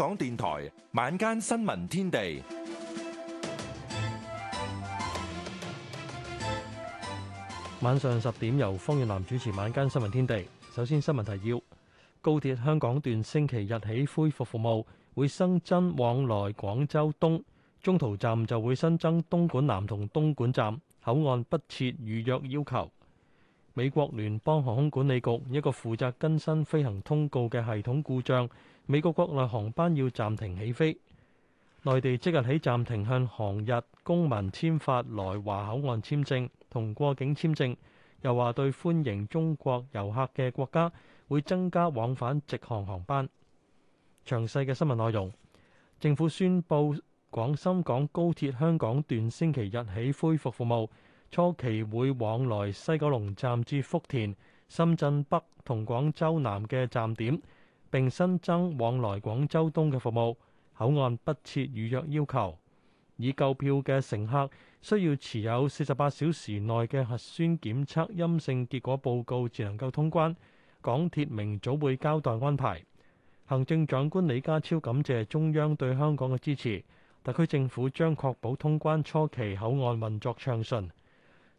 港電台晚間新聞天地，晚上十點由方遠南主持晚間新聞天地。首先新聞提要：高鐵香港段星期日起恢復服務，會新增往來廣州東中途站，就會新增東莞南同東莞站，口岸不設預約要求。美國聯邦航空管理局一個負責更新飛行通告嘅系統故障。美國國內航班要暫停起飛，內地即日起暫停向韓日公民簽發來華口岸簽證同過境簽證。又話對歡迎中國遊客嘅國家會增加往返直航航班。詳細嘅新聞內容，政府宣布廣深港高鐵香港段星期日起恢復服務，初期會往來西九龍站至福田、深圳北同廣州南嘅站點。並新增往來廣州東嘅服務，口岸不設預約要求。已購票嘅乘客需要持有四十八小時內嘅核酸檢測陰性結果報告，至能夠通關。港鐵明早會交代安排。行政長官李家超感謝中央對香港嘅支持，特區政府將確保通關初期口岸運作暢順。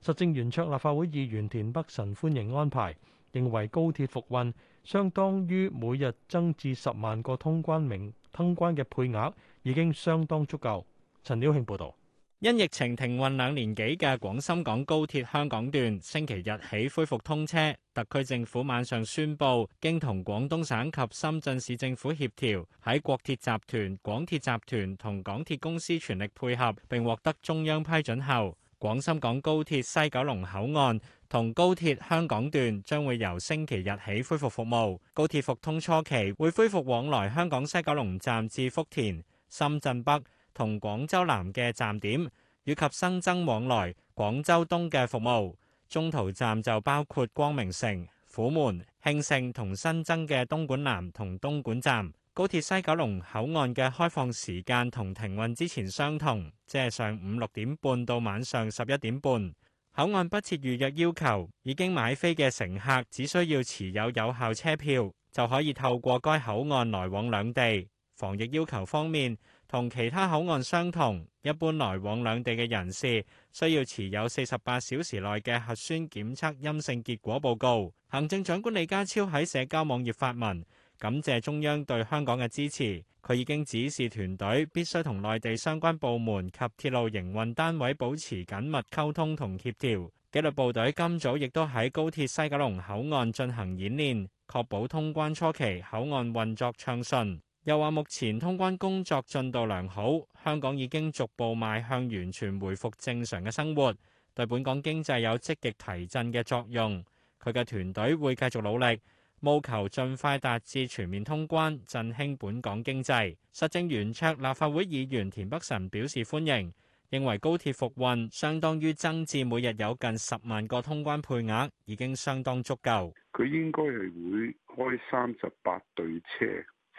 實政圓桌立法會議員田北辰歡迎安排。認為高鐵復運相當於每日增至十萬個通關名通關嘅配額，已經相當足夠。陳曉慶報導，因疫情停運兩年幾嘅廣深港高鐵香港段，星期日起恢復通車。特區政府晚上宣布，經同廣東省及深圳市政府協調，喺國鐵集團、廣鐵集團同港鐵公司全力配合並獲得中央批准後，廣深港高鐵西九龍口岸，同高鐵香港段將會由星期日起恢復服務。高鐵復通初期會恢復往來香港西九龍站至福田、深圳北同廣州南嘅站點，以及新增往來廣州東嘅服務。中途站就包括光明城、虎門、慶盛同新增嘅東莞南同東莞站。高鐵西九龍口岸嘅開放時間同停運之前相同，即係上午六點半到晚上十一點半。口岸不設預約要求，已經買飛嘅乘客只需要持有有效車票，就可以透過該口岸來往兩地。防疫要求方面，同其他口岸相同，一般來往兩地嘅人士需要持有四十八小時內嘅核酸檢測陰性結果報告。行政長官李家超喺社交網頁發文。感謝中央對香港嘅支持，佢已經指示團隊必須同內地相關部門及鐵路營運單位保持緊密溝通同協調。紀律部隊今早亦都喺高鐵西九龍口岸進行演練，確保通關初期口岸運作暢順。又話目前通關工作進度良好，香港已經逐步邁向完全回復正常嘅生活，對本港經濟有積極提振嘅作用。佢嘅團隊會繼續努力。務求盡快達至全面通關，振興本港經濟。實政圓桌立法會議員田北辰表示歡迎，認為高鐵復運相當於增至每日有近十萬個通關配額，已經相當足夠。佢應該係會開三十八對車，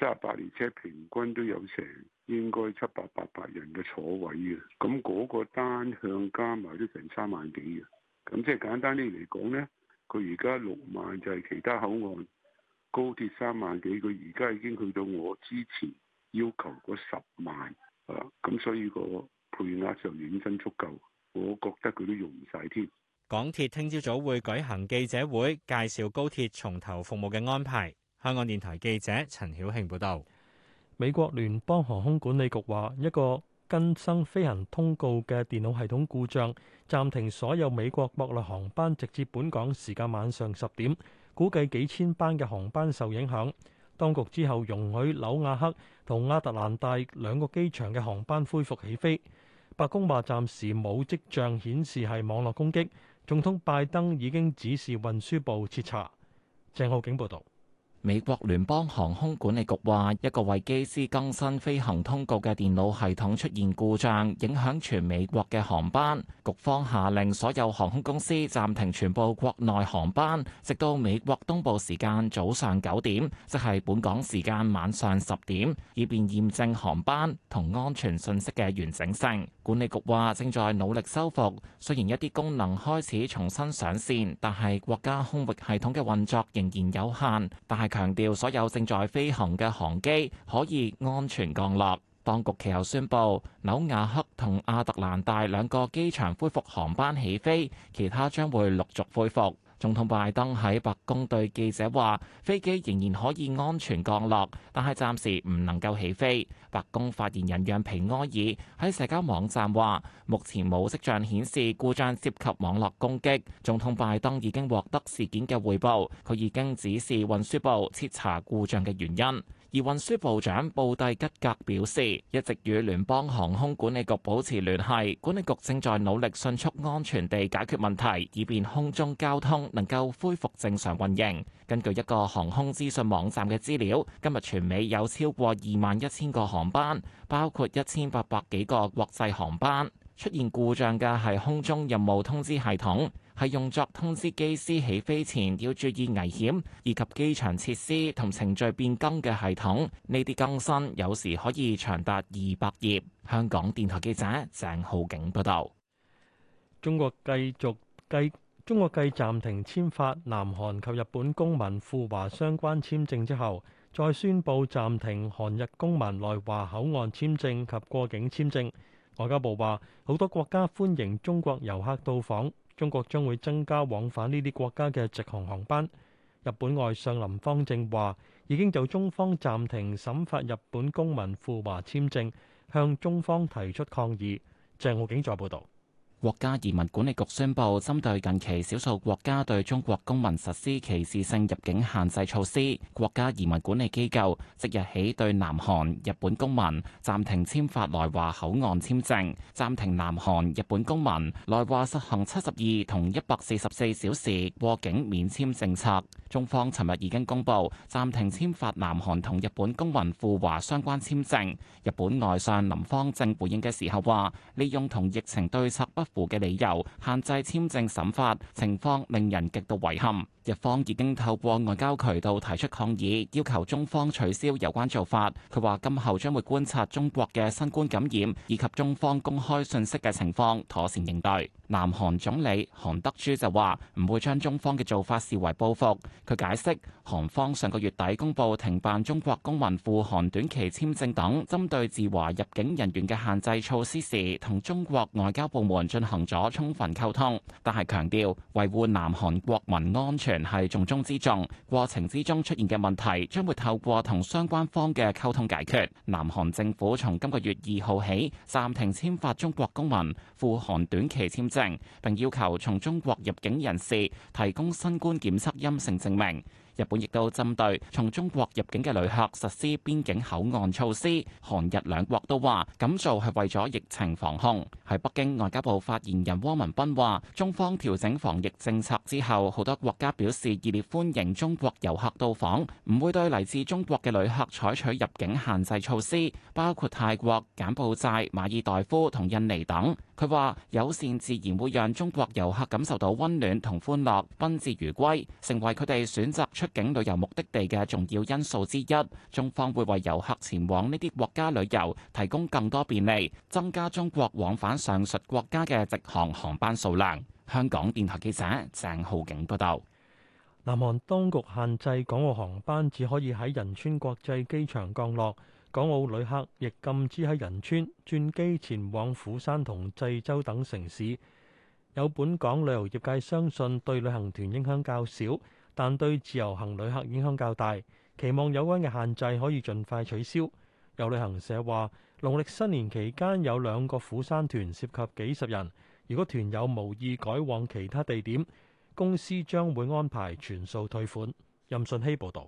三十八列車平均都有成應該七八百八人嘅坐位嘅，咁嗰個單向加埋都成三萬幾嘅，咁即係簡單啲嚟講呢。佢而家六萬就係其他口岸，高鐵三萬幾，佢而家已經去到我之前要求嗰十萬啊，咁所以個配額就遠真足夠，我覺得佢都用唔晒添。港鐵聽朝早會舉行記者會，介紹高鐵重頭服務嘅安排。香港電台記者陳曉慶報道。美國聯邦航空管理局話一個更新飛行通告嘅電腦系統故障，暫停所有美國國內航班，直至本港時間晚上十點。估計幾千班嘅航班受影響。當局之後容許紐亞克同亞特蘭大兩個機場嘅航班恢復起飛。白宮話暫時冇跡象顯示係網絡攻擊，總統拜登已經指示運輸部徹查。鄭浩景報道。美國聯邦航空管理局話，一個為機師更新飛行通告嘅電腦系統出現故障，影響全美國嘅航班。局方下令所有航空公司暫停全部國內航班，直到美國東部時間早上九點，即係本港時間晚上十點，以便驗證航班同安全信息嘅完整性。管理局話正在努力修復，雖然一啲功能開始重新上線，但係國家空域系統嘅運作仍然有限。但係強調所有正在飛行嘅航機可以安全降落。當局其後宣布紐瓦克同亞特蘭大兩個機場恢復航班起飛，其他將會陸續恢復。總統拜登喺白宮對記者話：飛機仍然可以安全降落，但係暫時唔能夠起飛。白宮發言人讓皮埃爾喺社交網站話：目前冇跡象顯示故障涉及網絡攻擊。總統拜登已經獲得事件嘅匯報，佢已經指示運輸部徹查故障嘅原因。而運輸部長布蒂吉格表示，一直與聯邦航空管理局保持聯繫，管理局正在努力迅速、安全地解決問題，以便空中交通能夠恢復正常運營。根據一個航空資訊網站嘅資料，今日全美有超過二萬一千個航班，包括一千八百幾個國際航班。出現故障嘅係空中任務通知系統。係用作通知機師起飛前要注意危險，以及機場設施同程序變更嘅系統。呢啲更新有時可以長達二百頁。香港電台記者鄭浩景報導。中國繼續繼中國繼暫停簽發南韓及日本公民赴華相關簽證之後，再宣布暫停韓日公民來華口岸簽證及過境簽證。外交部話，好多國家歡迎中國遊客到訪。中國將會增加往返呢啲國家嘅直航航班。日本外相林芳正話，已經就中方暫停審發日本公民赴華簽證，向中方提出抗議。鄭浩景再報道。國家移民管理局宣布，針對近期少數國家對中國公民實施歧視性入境限制措施，國家移民管理機構即日起對南韓、日本公民暫停簽發來華口岸簽證，暫停南韓、日本公民來華實行七十二同一百四十四小時過境免簽政策。中方尋日已經公布暫停簽發南韓同日本公民赴華相關簽證。日本外相林芳正回應嘅時候話：利用同疫情對策不符，嘅理由限制簽證審法情況，令人極度遺憾。日方已經透過外交渠道提出抗議，要求中方取消有關做法。佢話今後將會觀察中國嘅新冠感染以及中方公開信息嘅情況，妥善應對。南韓總理韓德珠就話唔會將中方嘅做法視為報復。佢解釋韓方上個月底公布停辦中國公民赴韓短期簽證等針對自華入境人員嘅限制措施時，同中國外交部門進行咗充分溝通，但係強調維護南韓國民安全係重中之重，過程之中出現嘅問題將會透過同相關方嘅溝通解決。南韓政府從今個月二號起暫停簽發中國公民赴韓短期簽證，並要求從中國入境人士提供新冠檢測陰性證明。日本亦都針對從中國入境嘅旅客實施邊境口岸措施。韓日兩國都話咁做係為咗疫情防控。喺北京外交部發言人汪文斌話，中方調整防疫政策之後，好多國家表示熱烈歡迎中國遊客到訪，唔會對嚟自中國嘅旅客採取入境限制措施，包括泰國、柬埔寨、馬爾代夫同印尼等。佢話：友善自然會讓中國遊客感受到温暖同歡樂，賓至如歸，成為佢哋選擇出境旅遊目的地嘅重要因素之一。中方會為遊客前往呢啲國家旅遊提供更多便利，增加中國往返上述國家嘅直航航班數量。香港電台記者鄭浩景報道。南韓當局限制港澳航班只可以喺仁川國際機場降落。港澳旅客亦禁止喺仁川轉機前往釜山同濟州等城市。有本港旅遊業界相信對旅行團影響較少，但對自由行旅客影響較大。期望有關嘅限制可以盡快取消。有旅行社話，農曆新年期間有兩個釜山團涉及幾十人，如果團友無意改往其他地點，公司將會安排全數退款。任信希報道。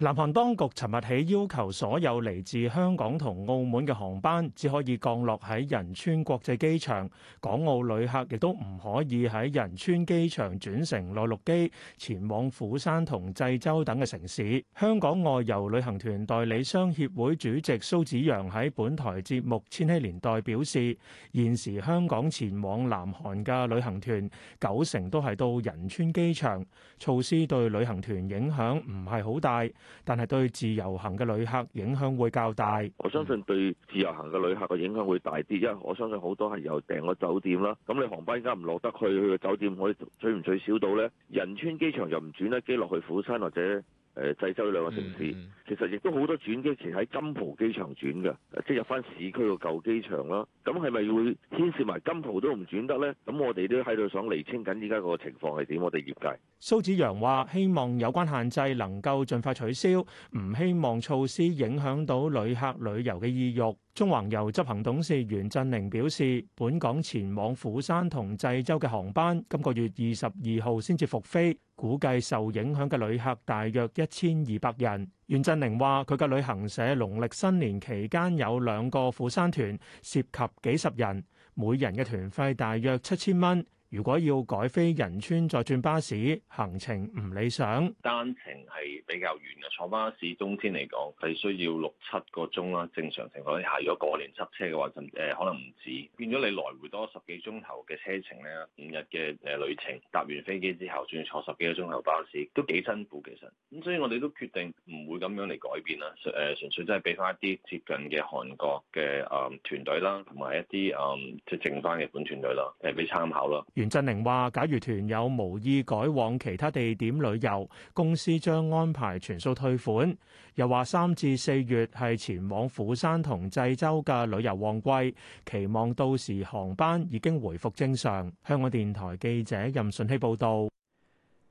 南韓當局尋日起要求所有嚟自香港同澳門嘅航班只可以降落喺仁川國際機場，港澳旅客亦都唔可以喺仁川機場轉乘內陸機前往釜山同濟州等嘅城市。香港外遊旅行團代理商協會主席蘇子陽喺本台節目《千禧年代》表示，現時香港前往南韓嘅旅行團九成都係到仁川機場，措施對旅行團影響唔係好大。但係對自由行嘅旅客影響會較大，我相信對自由行嘅旅客嘅影響會大啲，因為我相信好多係有訂咗酒店啦，咁你航班而家唔落得去去個酒店，可以取唔取消到呢？仁川機場又唔轉得機落去釜山或者？ 誒濟州兩個城市，其實亦都好多轉機前喺金浦機場轉嘅，即係入翻市區個舊機場啦。咁係咪會牽涉埋金浦都唔轉得呢？咁我哋都喺度想釐清緊依家個情況係點。我哋業界蘇子陽話：希望有關限制能夠盡快取消，唔希望措施影響到旅客旅遊嘅意欲。縱橫遊執行董事袁振寧表示，本港前往釜山同濟州嘅航班今個月二十二號先至復飛，估計受影響嘅旅客大約一千二百人。袁振寧話：佢嘅旅行社農曆新年期間有兩個釜山團，涉及幾十人，每人嘅團費大約七千蚊。如果要改飛仁川再轉巴士，行程唔理想。單程係比較遠嘅，坐巴士冬天嚟講係需要六七個鐘啦。正常情況下，如果過年塞車嘅話，甚至、呃、可能唔止，變咗你來回多十幾鐘頭嘅車程咧。五日嘅誒旅程，搭完飛機之後，仲要坐十幾個鐘頭巴士，都幾辛苦其實。咁所以我哋都決定唔會咁樣嚟改變純、呃、啦。誒，純粹真係俾翻一啲接近嘅韓國嘅誒團隊啦，同埋一啲誒即係剩翻嘅本團隊啦，誒俾參考咯。袁振寧話，假如團友無意改往其他地點旅遊，公司將安排全數退款。又話三至四月係前往釜山同濟州嘅旅遊旺季，期望到時航班已經回復正常。香港電台記者任順希報道。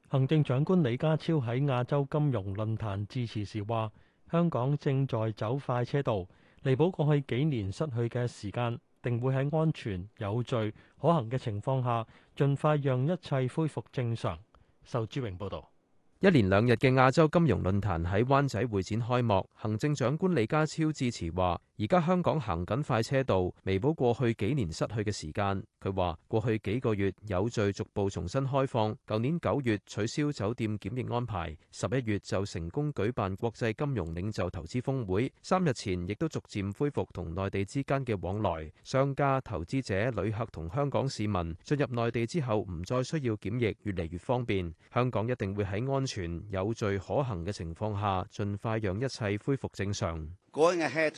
行政長官李家超喺亞洲金融論壇致辭時話，香港正在走快車道，彌補過去幾年失去嘅時間。定會喺安全、有序、可行嘅情況下，盡快讓一切恢復正常。仇志榮報導。一連兩日嘅亞洲金融論壇喺灣仔會展開幕，行政長官李家超致辭話。而家香港行緊快車道，彌補過去幾年失去嘅時間。佢話：過去幾個月有序逐步重新開放，舊年九月取消酒店檢疫安排，十一月就成功舉辦國際金融領袖投資峰會，三日前亦都逐漸恢復同內地之間嘅往來。商家、投資者、旅客同香港市民進入內地之後，唔再需要檢疫，越嚟越方便。香港一定會喺安全、有序、可行嘅情況下，盡快讓一切恢復正常。Going ahead.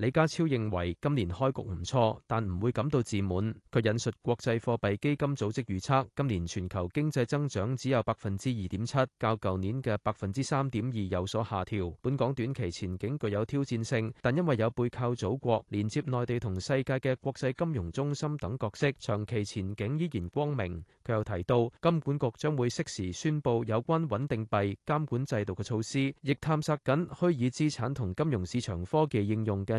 李家超認為今年開局唔錯，但唔會感到自滿。佢引述國際貨幣基金組織預測，今年全球經濟增長只有百分之二點七，較舊年嘅百分之三點二有所下調。本港短期前景具有挑戰性，但因為有背靠祖國、連接內地同世界嘅國際金融中心等角色，長期前景依然光明。佢又提到，金管局將會適時宣佈有關穩定幣監管制度嘅措施，亦探索緊虛擬資產同金融市場科技應用嘅。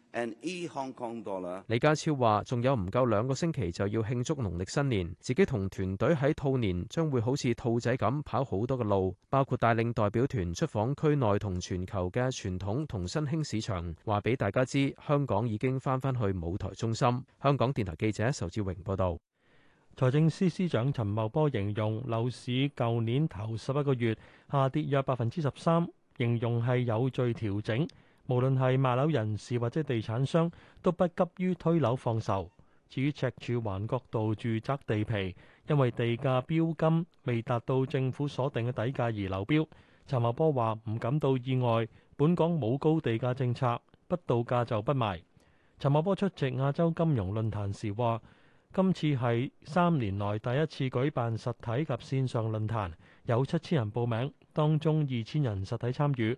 李家超話，仲有唔夠兩個星期就要慶祝農曆新年，自己同團隊喺兔年將會好似兔仔咁跑好多嘅路，包括帶領代表團出訪區內同全球嘅傳統同新興市場。話俾大家知，香港已經翻返去舞台中心。香港電台記者仇志榮報導。財政司司長陳茂波形容樓市舊年頭十一個月下跌約百分之十三，形容係有序調整。無論係賣樓人士或者地產商，都不急於推樓放售。至於赤柱環角道住宅地皮，因為地價標金未達到政府所定嘅底價而流標。陳茂波話：唔感到意外，本港冇高地價政策，不到價就不賣。陳茂波出席亞洲金融論壇時話：今次係三年來第一次舉辦實體及線上論壇，有七千人報名，當中二千人實體參與。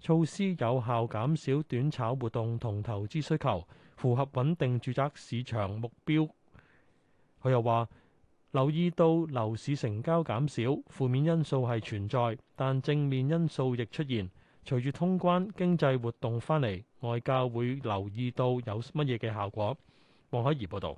措施有效減少短炒活動同投資需求，符合穩定住宅市場目標。佢又話留意到樓市成交減少，負面因素係存在，但正面因素亦出現，隨住通關經濟活動翻嚟，外界會留意到有乜嘢嘅效果。黃海怡報道。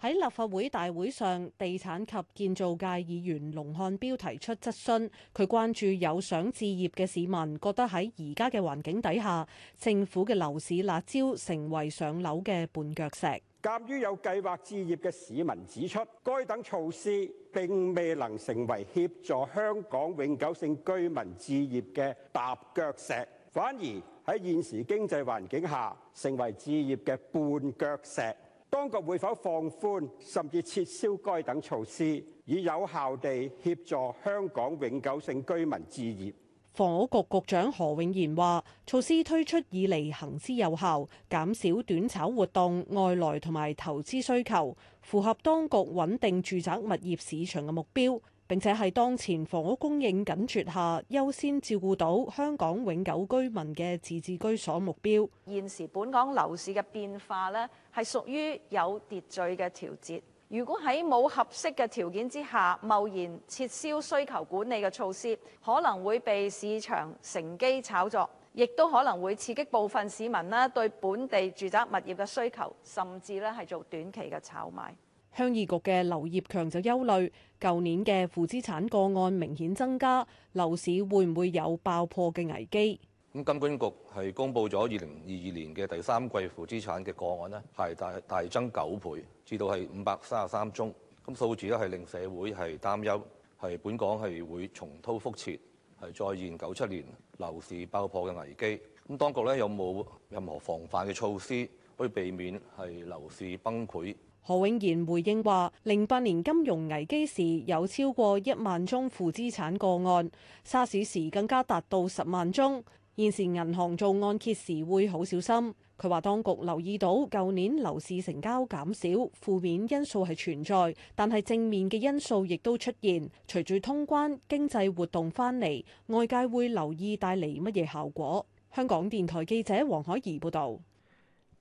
喺立法會大會上，地產及建造界議員龍漢標提出質詢，佢關注有想置業嘅市民覺得喺而家嘅環境底下，政府嘅樓市辣招成為上樓嘅絆腳石。鑑於有計劃置業嘅市民指出，該等措施並未能成為協助香港永久性居民置業嘅踏腳石，反而喺現時經濟環境下成為置業嘅絆腳石。當局會否放寬，甚至撤銷該等措施，以有效地協助香港永久性居民置業？房屋局局長何永賢話，措施推出以嚟行之有效，減少短炒活動、外來同埋投資需求，符合當局穩定住宅物業市場嘅目標。並且係當前房屋供應緊絀下，優先照顧到香港永久居民嘅自置居所目標。現時本港樓市嘅變化呢，係屬於有秩序嘅調節。如果喺冇合適嘅條件之下，貿然撤銷需求管理嘅措施，可能會被市場乘機炒作，亦都可能會刺激部分市民啦對本地住宅物業嘅需求，甚至咧係做短期嘅炒賣。鄉議局嘅劉業強就憂慮，舊年嘅負資產個案明顯增加，樓市會唔會有爆破嘅危機？咁金管局係公布咗二零二二年嘅第三季負資產嘅個案呢，係大大增九倍，至到係五百三十三宗。咁數字呢係令社會係擔憂，係本港係會重蹈覆轍，係再現九七年樓市爆破嘅危機。咁當局呢有冇任何防範嘅措施可以避免係樓市崩潰？何永賢回應話：零八年金融危機時有超過一萬宗負資產個案，沙士時更加達到十萬宗。現時銀行做按揭時會好小心。佢話：當局留意到舊年樓市成交減少，負面因素係存在，但係正面嘅因素亦都出現。隨住通關，經濟活動翻嚟，外界會留意帶嚟乜嘢效果。香港電台記者黃海怡報導。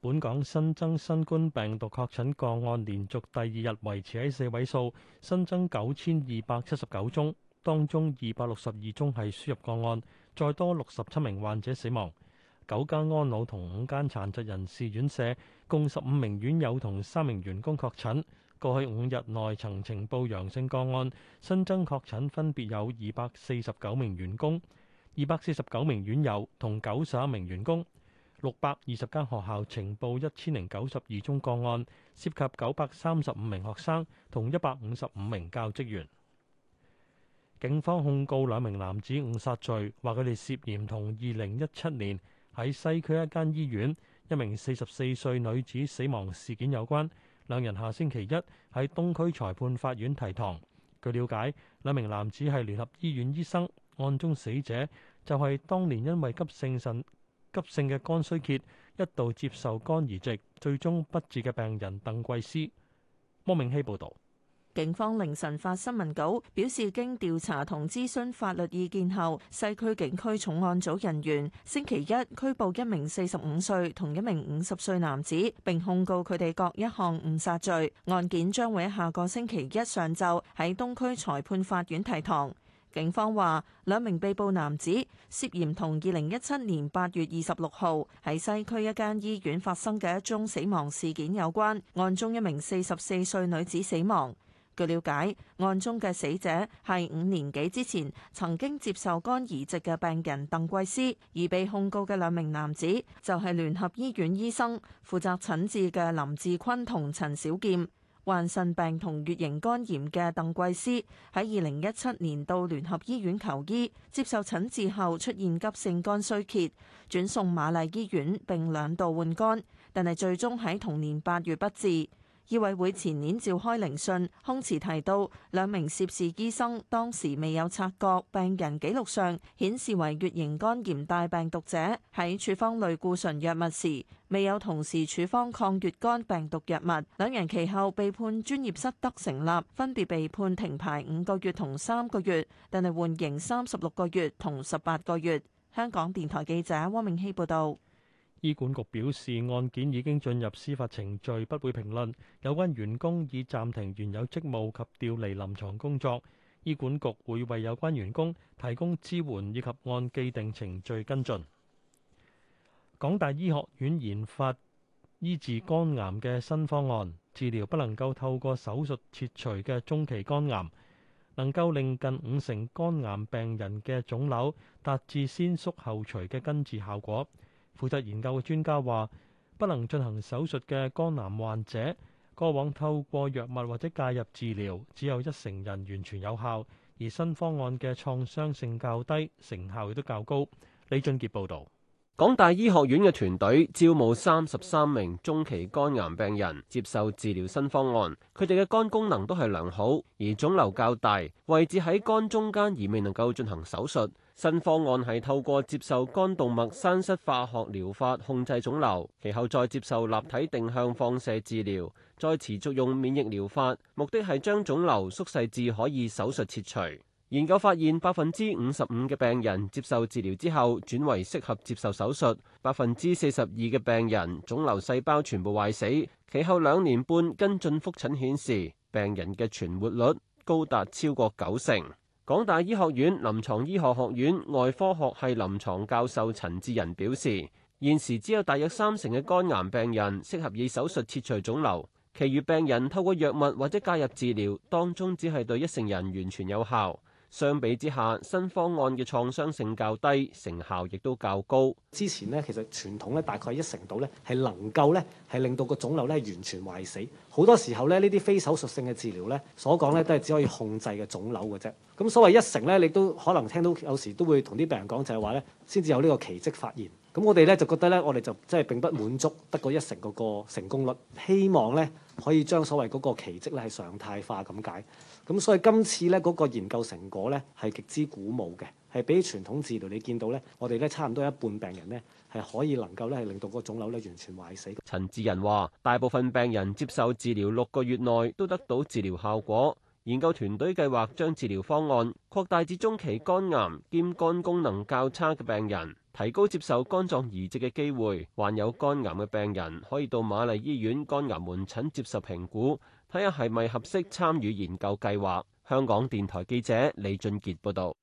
本港新增新冠病毒確診個案，連續第二日維持喺四位數，新增九千二百七十九宗，當中二百六十二宗係輸入個案。再多六十七名患者死亡，九間安老同五間殘疾人士院舍共十五名院友同三名員工確診。過去五日內曾呈報陽性個案，新增確診分別有二百四十九名員工、二百四十九名院友同九十一名員工。六百二十間學校呈報一千零九十二宗個案，涉及九百三十五名學生同一百五十五名教職員。警方控告兩名男子誤殺罪，話佢哋涉嫌同二零一七年喺西區一間醫院一名四十四歲女子死亡事件有關。兩人下星期一喺東區裁判法院提堂。據了解，兩名男子係聯合醫院醫生，案中死者就係當年因為急性腎急性嘅肝衰竭一度接受肝移植，最終不治嘅病人鄧桂思。莫明希報導。警方凌晨發新聞稿，表示經調查同諮詢法律意見後，西區警區重案組人員星期一拘捕一名四十五歲同一名五十歲男子，並控告佢哋各一項誤殺罪。案件將會喺下個星期一上晝喺東區裁判法院提堂。警方話，兩名被捕男子涉嫌同二零一七年八月二十六號喺西區一間醫院發生嘅一宗死亡事件有關，案中一名四十四歲女子死亡。據了解，案中嘅死者係五年幾之前曾經接受肝移植嘅病人鄧桂思，而被控告嘅兩名男子就係聯合醫院醫生負責診治嘅林志坤同陳小劍。患腎病同乙型肝炎嘅鄧桂思喺二零一七年到聯合醫院求醫，接受診治後出現急性肝衰竭，轉送瑪麗醫院並兩度換肝，但係最終喺同年八月不治。醫委會前年召開聆訊，空詞提到兩名涉事醫生當時未有察覺病人記錄上顯示為乙型肝炎帶病毒者，喺處方類固醇藥物時未有同時處方抗乙肝病毒藥物。兩人其後被判專業失德成立，分別被判停牌五個月同三個月，但係緩刑三十六個月同十八個月。香港電台記者汪明熙報導。醫管局表示，案件已經進入司法程序，不會評論。有關員工已暫停原有職務及調離臨床工作，醫管局會為有關員工提供支援以及按既定程序跟進。港大醫學院研發醫治肝癌嘅新方案，治療不能夠透過手術切除嘅中期肝癌，能夠令近五成肝癌病人嘅腫瘤達至先縮後除嘅根治效果。負責研究嘅專家話：不能進行手術嘅肝癌患者，過往透過藥物或者介入治療，只有一成人完全有效。而新方案嘅創傷性較低，成效亦都較高。李俊傑報導。港大醫學院嘅團隊招募三十三名中期肝癌病人接受治療。新方案，佢哋嘅肝功能都係良好，而腫瘤較大，位置喺肝中間而未能夠進行手術。新方案係透過接受肝動脈栓塞化學療法控制腫瘤，其後再接受立體定向放射治療，再持續用免疫療法，目的係將腫瘤縮細至可以手術切除。研究發現，百分之五十五嘅病人接受治療之後轉為適合接受手術，百分之四十二嘅病人腫瘤細胞全部壞死，其後兩年半跟進覆診顯示，病人嘅存活率高達超過九成。港大醫學院臨床醫學學院外科學系臨床教授陳志仁表示，現時只有大約三成嘅肝癌病人適合以手術切除腫瘤，其餘病人透過藥物或者介入治療，當中只係對一成人完全有效。相比之下，新方案嘅創傷性較低，成效亦都較高。之前咧，其實傳統咧大概一成度咧係能夠咧係令到個腫瘤咧完全壞死。好多時候咧，呢啲非手術性嘅治療咧所講咧都係只可以控制個腫瘤嘅啫。咁所謂一成咧，你都可能聽到有時都會同啲病人講就係話咧，先至有呢個奇蹟發現。咁我哋咧就覺得咧，我哋就即係並不滿足得個一成個個成功率，希望咧可以將所謂嗰個奇蹟咧係常態化咁解。咁所以今次咧嗰個研究成果咧係極之鼓舞嘅。係比傳統治療你見到咧，我哋咧差唔多一半病人咧係可以能夠咧係令到個腫瘤咧完全壞死。陳志仁話，大部分病人接受治療六個月內都得到治療效果。研究團隊計劃將治療方案擴大至中期肝癌兼肝功能較差嘅病人，提高接受肝臟移植嘅機會。患有肝癌嘅病人可以到瑪麗醫院肝癌門診接受評估。睇下係咪合適參與研究計劃？香港電台記者李俊杰報道。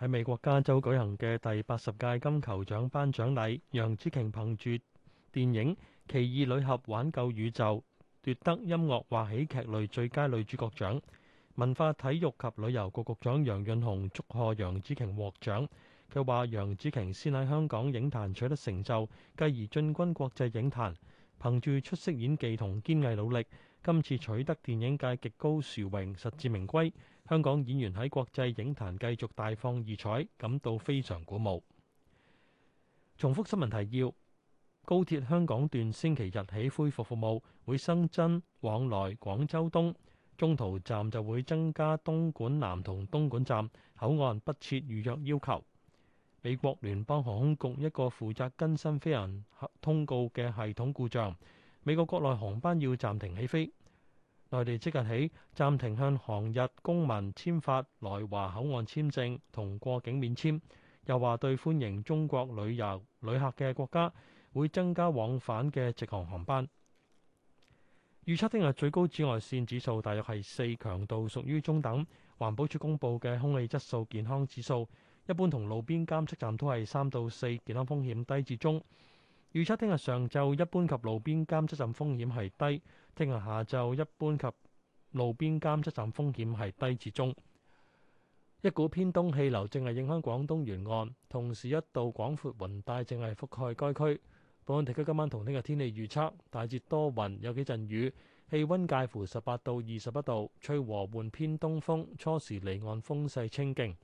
喺美國加州舉行嘅第八十屆金球獎頒獎禮，楊紫瓊憑住電影《奇異女俠玩救宇宙》，奪得音樂或喜劇類最佳女主角獎，文化體育及旅遊局局長楊潤雄祝賀楊紫瓊獲獎。佢話楊紫瓊先喺香港影壇取得成就，繼而進軍國際影壇，憑住出色演技同堅毅努力。今次取得電影界極高殊榮實至名歸，香港演員喺國際影壇繼續大放異彩，感到非常鼓舞。重複新聞提要：高鐵香港段星期日起恢復服務，會新增往來廣州東中途站就會增加東莞南同東莞站口岸不設預約要求。美國聯邦航空局一個負責更新飛行通告嘅系統故障。美國國內航班要暫停起飛，內地即日起暫停向韓日公民簽發來華口岸簽證同過境免簽。又話對歡迎中國旅遊旅客嘅國家，會增加往返嘅直航航班。預測聽日最高紫外線指數大約係四，強度屬於中等。環保署公布嘅空氣質素健康指數，一般同路邊監測站都係三到四，健康風險低至中。預測聽日上晝一般及路邊監測站風險係低，聽日下晝一般及路邊監測站風險係低至中。一股偏東氣流正係影響廣東沿岸，同時一道廣闊雲帶正係覆蓋該區。本港地區今晚同聽日天氣預測大致多雲，有幾陣雨，氣溫介乎十八到二十一度，吹和緩偏東風，初時離岸風勢清勁。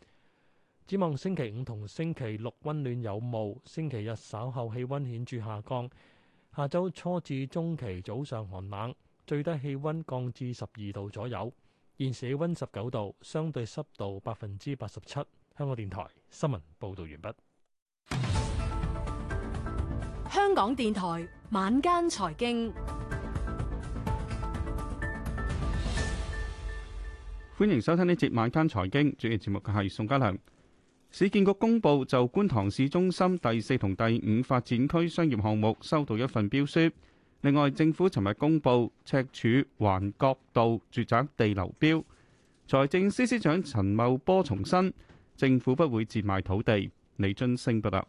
展望星期五同星期六溫暖有霧，星期日稍後氣温顯著下降。下週初至中期早上寒冷，最低氣温降至十二度左右。現時氣温十九度，相對濕度百分之八十七。香港電台新聞報道完畢。香港電台晚間財經，歡迎收聽呢節晚間財經主持節目嘅係宋家良。市建局公布，就觀塘市中心第四同第五發展區商業項目收到一份標書。另外，政府尋日公布赤柱環角道住宅地流標。財政司司長陳茂波重申，政府不會賤賣土地。李津升報道。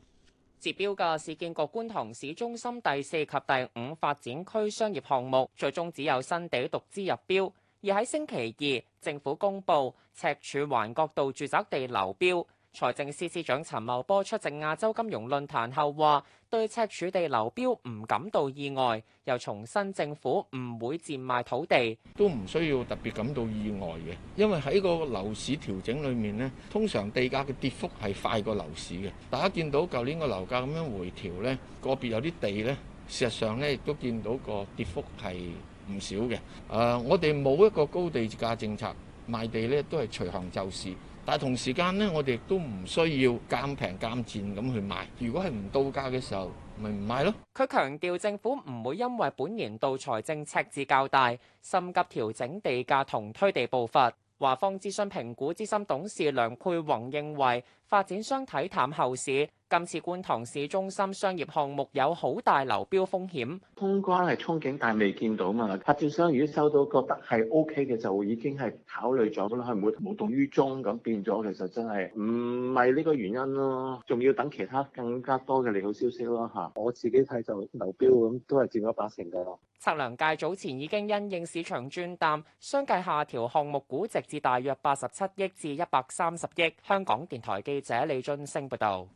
截標嘅市建局觀塘市中心第四及第五發展區商業項目，最終只有新地獨資入標。而喺星期二，政府公布赤柱環角道住宅地流標。財政司司長陳茂波出席亞洲金融論壇後話，對赤柱地流標唔感到意外，又重申政府唔會賤賣土地，都唔需要特別感到意外嘅，因為喺個樓市調整裏面呢，通常地價嘅跌幅係快過樓市嘅。大家見到舊年個樓價咁樣回調呢，個別有啲地呢，事實上呢亦都見到個跌幅係唔少嘅。誒、啊，我哋冇一個高地價政策賣地呢都係隨行就市。但係同時間呢，我哋亦都唔需要監平監賤咁去賣。如果係唔到價嘅時候，咪唔賣咯。佢強調政府唔會因為本年度財政赤字較大，心急調整地價同推地步伐。華方諮詢評估資深董事梁佩煌認為。發展商睇淡後市，今次觀塘市中心商業項目有好大流標風險。通關係憧憬，但係未見到嘛。拍照商如果收到覺得係 O K 嘅，就已經係考慮咗㗎啦，佢唔會無動於衷咁變咗。其實真係唔係呢個原因咯，仲要等其他更加多嘅利好消息咯嚇。我自己睇就流標咁，都係佔咗八成嘅。測量界早前已經因應市場轉淡，相繼下調項目估值至大約八十七億至一百三十億。香港電台記。記者李俊升報道，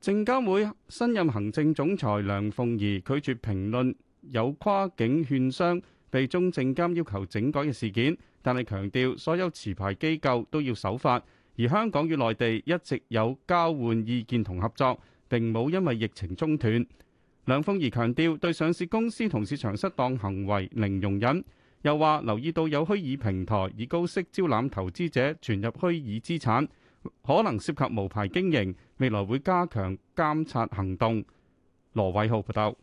證監會新任行政總裁梁鳳儀拒絕評論有跨境券商被中證監要求整改嘅事件，但係強調所有持牌機構都要守法，而香港與內地一直有交換意見同合作，並冇因為疫情中斷。梁鳳儀強調，對上市公司同市場失當行為零容忍。又話留意到有虛擬平台以高息招攬投資者，存入虛擬資產，可能涉及無牌經營，未來會加強監察行動。羅偉浩報道，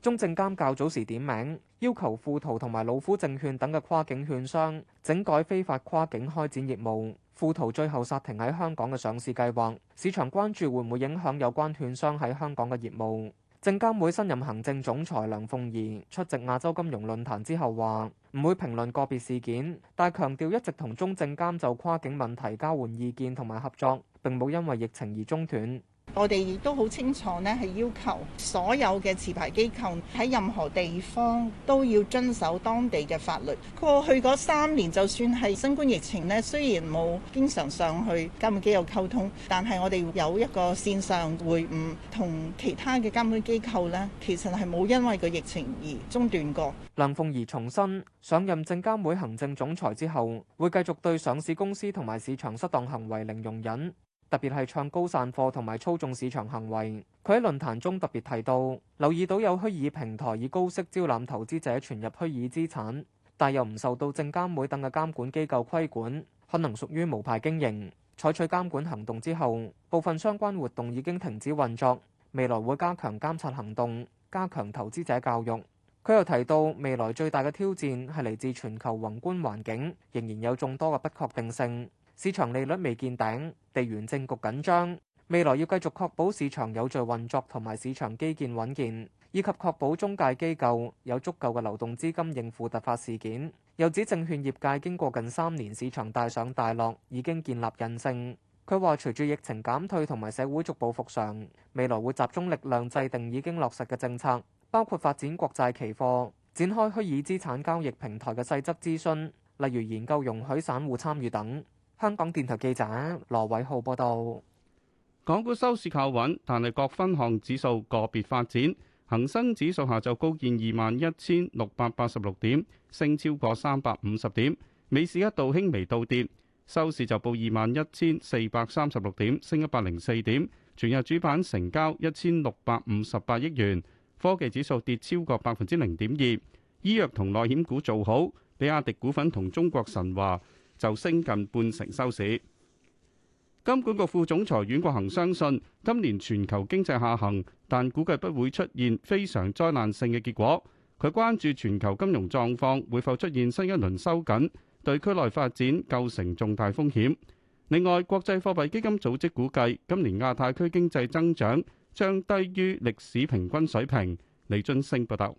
中證監較早時點名要求富途同埋老虎證券等嘅跨境券商整改非法跨境開展業務。富途最後煞停喺香港嘅上市計劃，市場關注會唔會影響有關券商喺香港嘅業務。證監會新任行政總裁梁鳳儀出席亞洲金融論壇之後話。唔會評論個別事件，但強調一直同中證監就跨境問題交換意見同埋合作，並冇因為疫情而中斷。我哋亦都好清楚呢係要求所有嘅持牌機構喺任何地方都要遵守當地嘅法律。過去嗰三年，就算係新冠疫情呢，雖然冇經常上去監管機構溝通，但係我哋有一個線上會晤同其他嘅監管機構呢，其實，係冇因為個疫情而中斷過。梁鳳儀重申，上任證監會行政總裁之後會繼續對上市公司同埋市場失當行為零容忍。特別係唱高散貨同埋操縱市場行為。佢喺論壇中特別提到，留意到有虛擬平台以高息招攬投資者存入虛擬資產，但又唔受到證監會等嘅監管機構規管，可能屬於無牌經營。採取監管行動之後，部分相關活動已經停止運作，未來會加強監察行動，加強投資者教育。佢又提到，未來最大嘅挑戰係嚟自全球宏觀環境，仍然有眾多嘅不確定性。市場利率未見頂，地緣政局緊張，未來要繼續確保市場有序運作同埋市場基建穩健，以及確保中介機構有足夠嘅流動資金應付突發事件。又指證券業界經過近三年市場大上大落，已經建立韌性。佢話：隨住疫情減退同埋社會逐步復常，未來會集中力量制定已經落實嘅政策，包括發展國債期貨、展開虛擬資產交易平台嘅細則諮詢，例如研究容許散戶參與等。香港電台記者羅偉浩報道，港股收市靠穩，但係各分項指數個別發展。恒生指數下晝高見二萬一千六百八十六點，升超過三百五十點。美市一度輕微倒跌，收市就報二萬一千四百三十六點，升一百零四點。全日主板成交一千六百五十八億元。科技指數跌超過百分之零點二，醫藥同內險股做好，比亞迪股份同中國神華。就升近半成收市。金管局副總裁阮國恒相信，今年全球經濟下行，但估計不會出現非常災難性嘅結果。佢關注全球金融狀況會否出現新一輪收緊，對區內發展構成重大風險。另外，國際貨幣基金組織估計，今年亞太區經濟增長將低於歷史平均水平。李津升報道。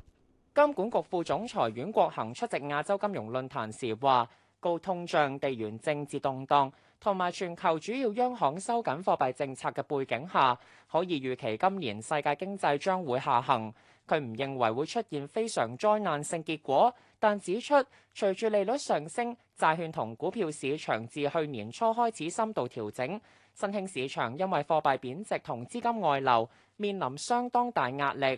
金管局副總裁阮國恒出席亞洲金融論壇時話。高通脹、地緣政治動盪同埋全球主要央行收緊貨幣政策嘅背景下，可以預期今年世界經濟將會下行。佢唔認為會出現非常災難性結果，但指出隨住利率上升，債券同股票市場自去年初開始深度調整，新興市場因為貨幣貶值同資金外流，面臨相當大壓力。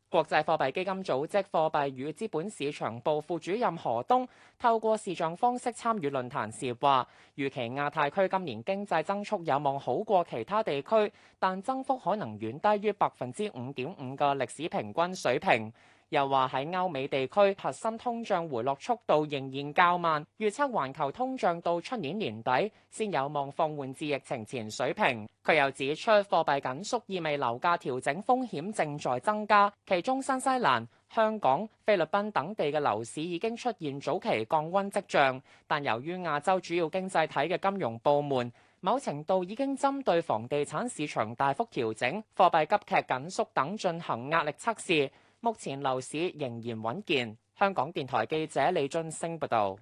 國際貨幣基金組織貨幣與資本市場部副主任何東透過視像方式參與論壇時話，預期亞太區今年經濟增速有望好過其他地區，但增幅可能遠低於百分之五點五嘅歷史平均水平。又話喺歐美地區核心通脹回落速度仍然較慢，預測環球通脹到出年年底先有望放緩至疫情前水平。佢又指出，貨幣緊縮意味樓價調整風險正在增加，其中新西蘭、香港、菲律賓等地嘅樓市已經出現早期降溫跡象。但由於亞洲主要經濟體嘅金融部門某程度已經針對房地產市場大幅調整、貨幣急劇緊縮等進行壓力測試。目前樓市仍然穩健。香港電台記者李俊升報導。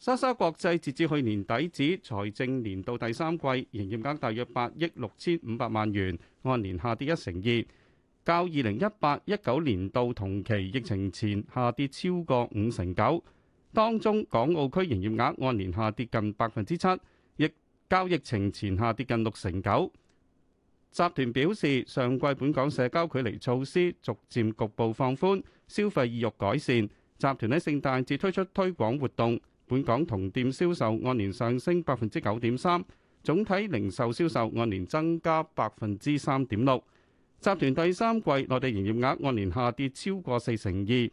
莎莎國際截至去年底止財政年度第三季營業額大約八億六千五百萬元，按年下跌一成二，較二零一八一九年度同期疫情前下跌超過五成九。當中港澳區營業額按年下跌近百分之七，亦較疫情前下跌近六成九。集團表示，上季本港社交距離措施逐漸局部放寬，消費意欲改善。集團喺聖誕節推出推廣活動，本港同店銷售按年上升百分之九點三，總體零售銷售按年增加百分之三點六。集團第三季內地營業額按年下跌超過四成二，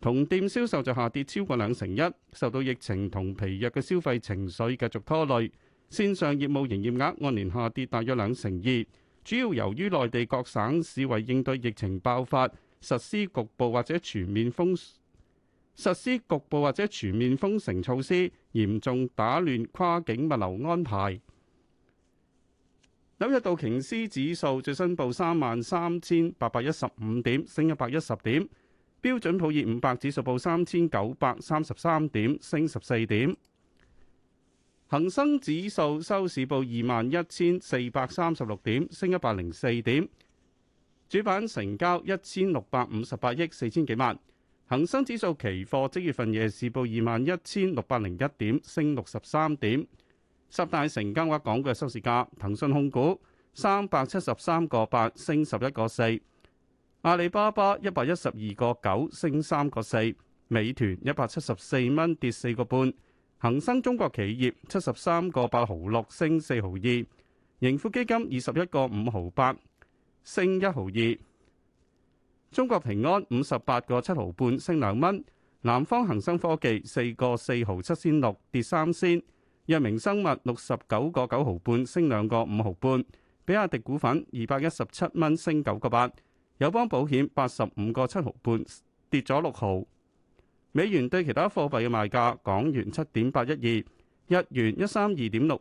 同店銷售就下跌超過兩成一，受到疫情同疲弱嘅消費情緒繼續拖累。線上業務營業額按年下跌大約兩成二，主要由於內地各省市為應對疫情爆發，實施局部或者全面封，實施局部或者全面封城措施，嚴重打亂跨境物流安排。紐約道瓊斯指數最新報三萬三千八百一十五點，升一百一十點；標準普爾五百指數報三千九百三十三點，升十四點。恒生指數收市報二萬一千四百三十六點，升一百零四點。主板成交一千六百五十八億四千幾萬。恒生指數期貨即月份夜市報二萬一千六百零一點，升六十三點。十大成交額港股嘅收市價：騰訊控股三百七十三個八，8, 升十一個四；阿里巴巴一百一十二個九，升三個四；美團一百七十四蚊，跌四個半。恒生中國企業七十三個八毫六升四毫二，盈富基金二十一個五毫八升一毫二，中國平安五十八個七毫半升兩蚊，南方恒生科技四個四毫七先六跌三仙，藥明生物六十九個九毫半升兩個五毫半，比亞迪股份二百一十七蚊升九個八，友邦保險八十五個七毫半跌咗六毫。美元對其他貨幣嘅賣價：港元七點八一二，日元一三二點六二，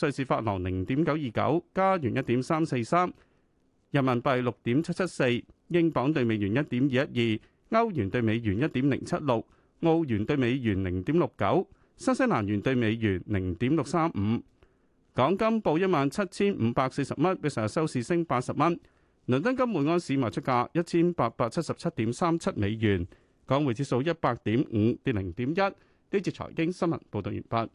瑞士法郎零點九二九，加元一點三四三，人民幣六點七七四，英鎊兌美元一點二一二，歐元兌美元一點零七六，澳元兌美元零點六九，新西蘭元兌美元零點六三五。港金報一萬七千五百四十蚊，比上日收市升八十蚊。倫敦金每安士賣出價一千八百七十七點三七美元。港匯指數一百點五，跌零點一。呢節財經新聞報道完畢。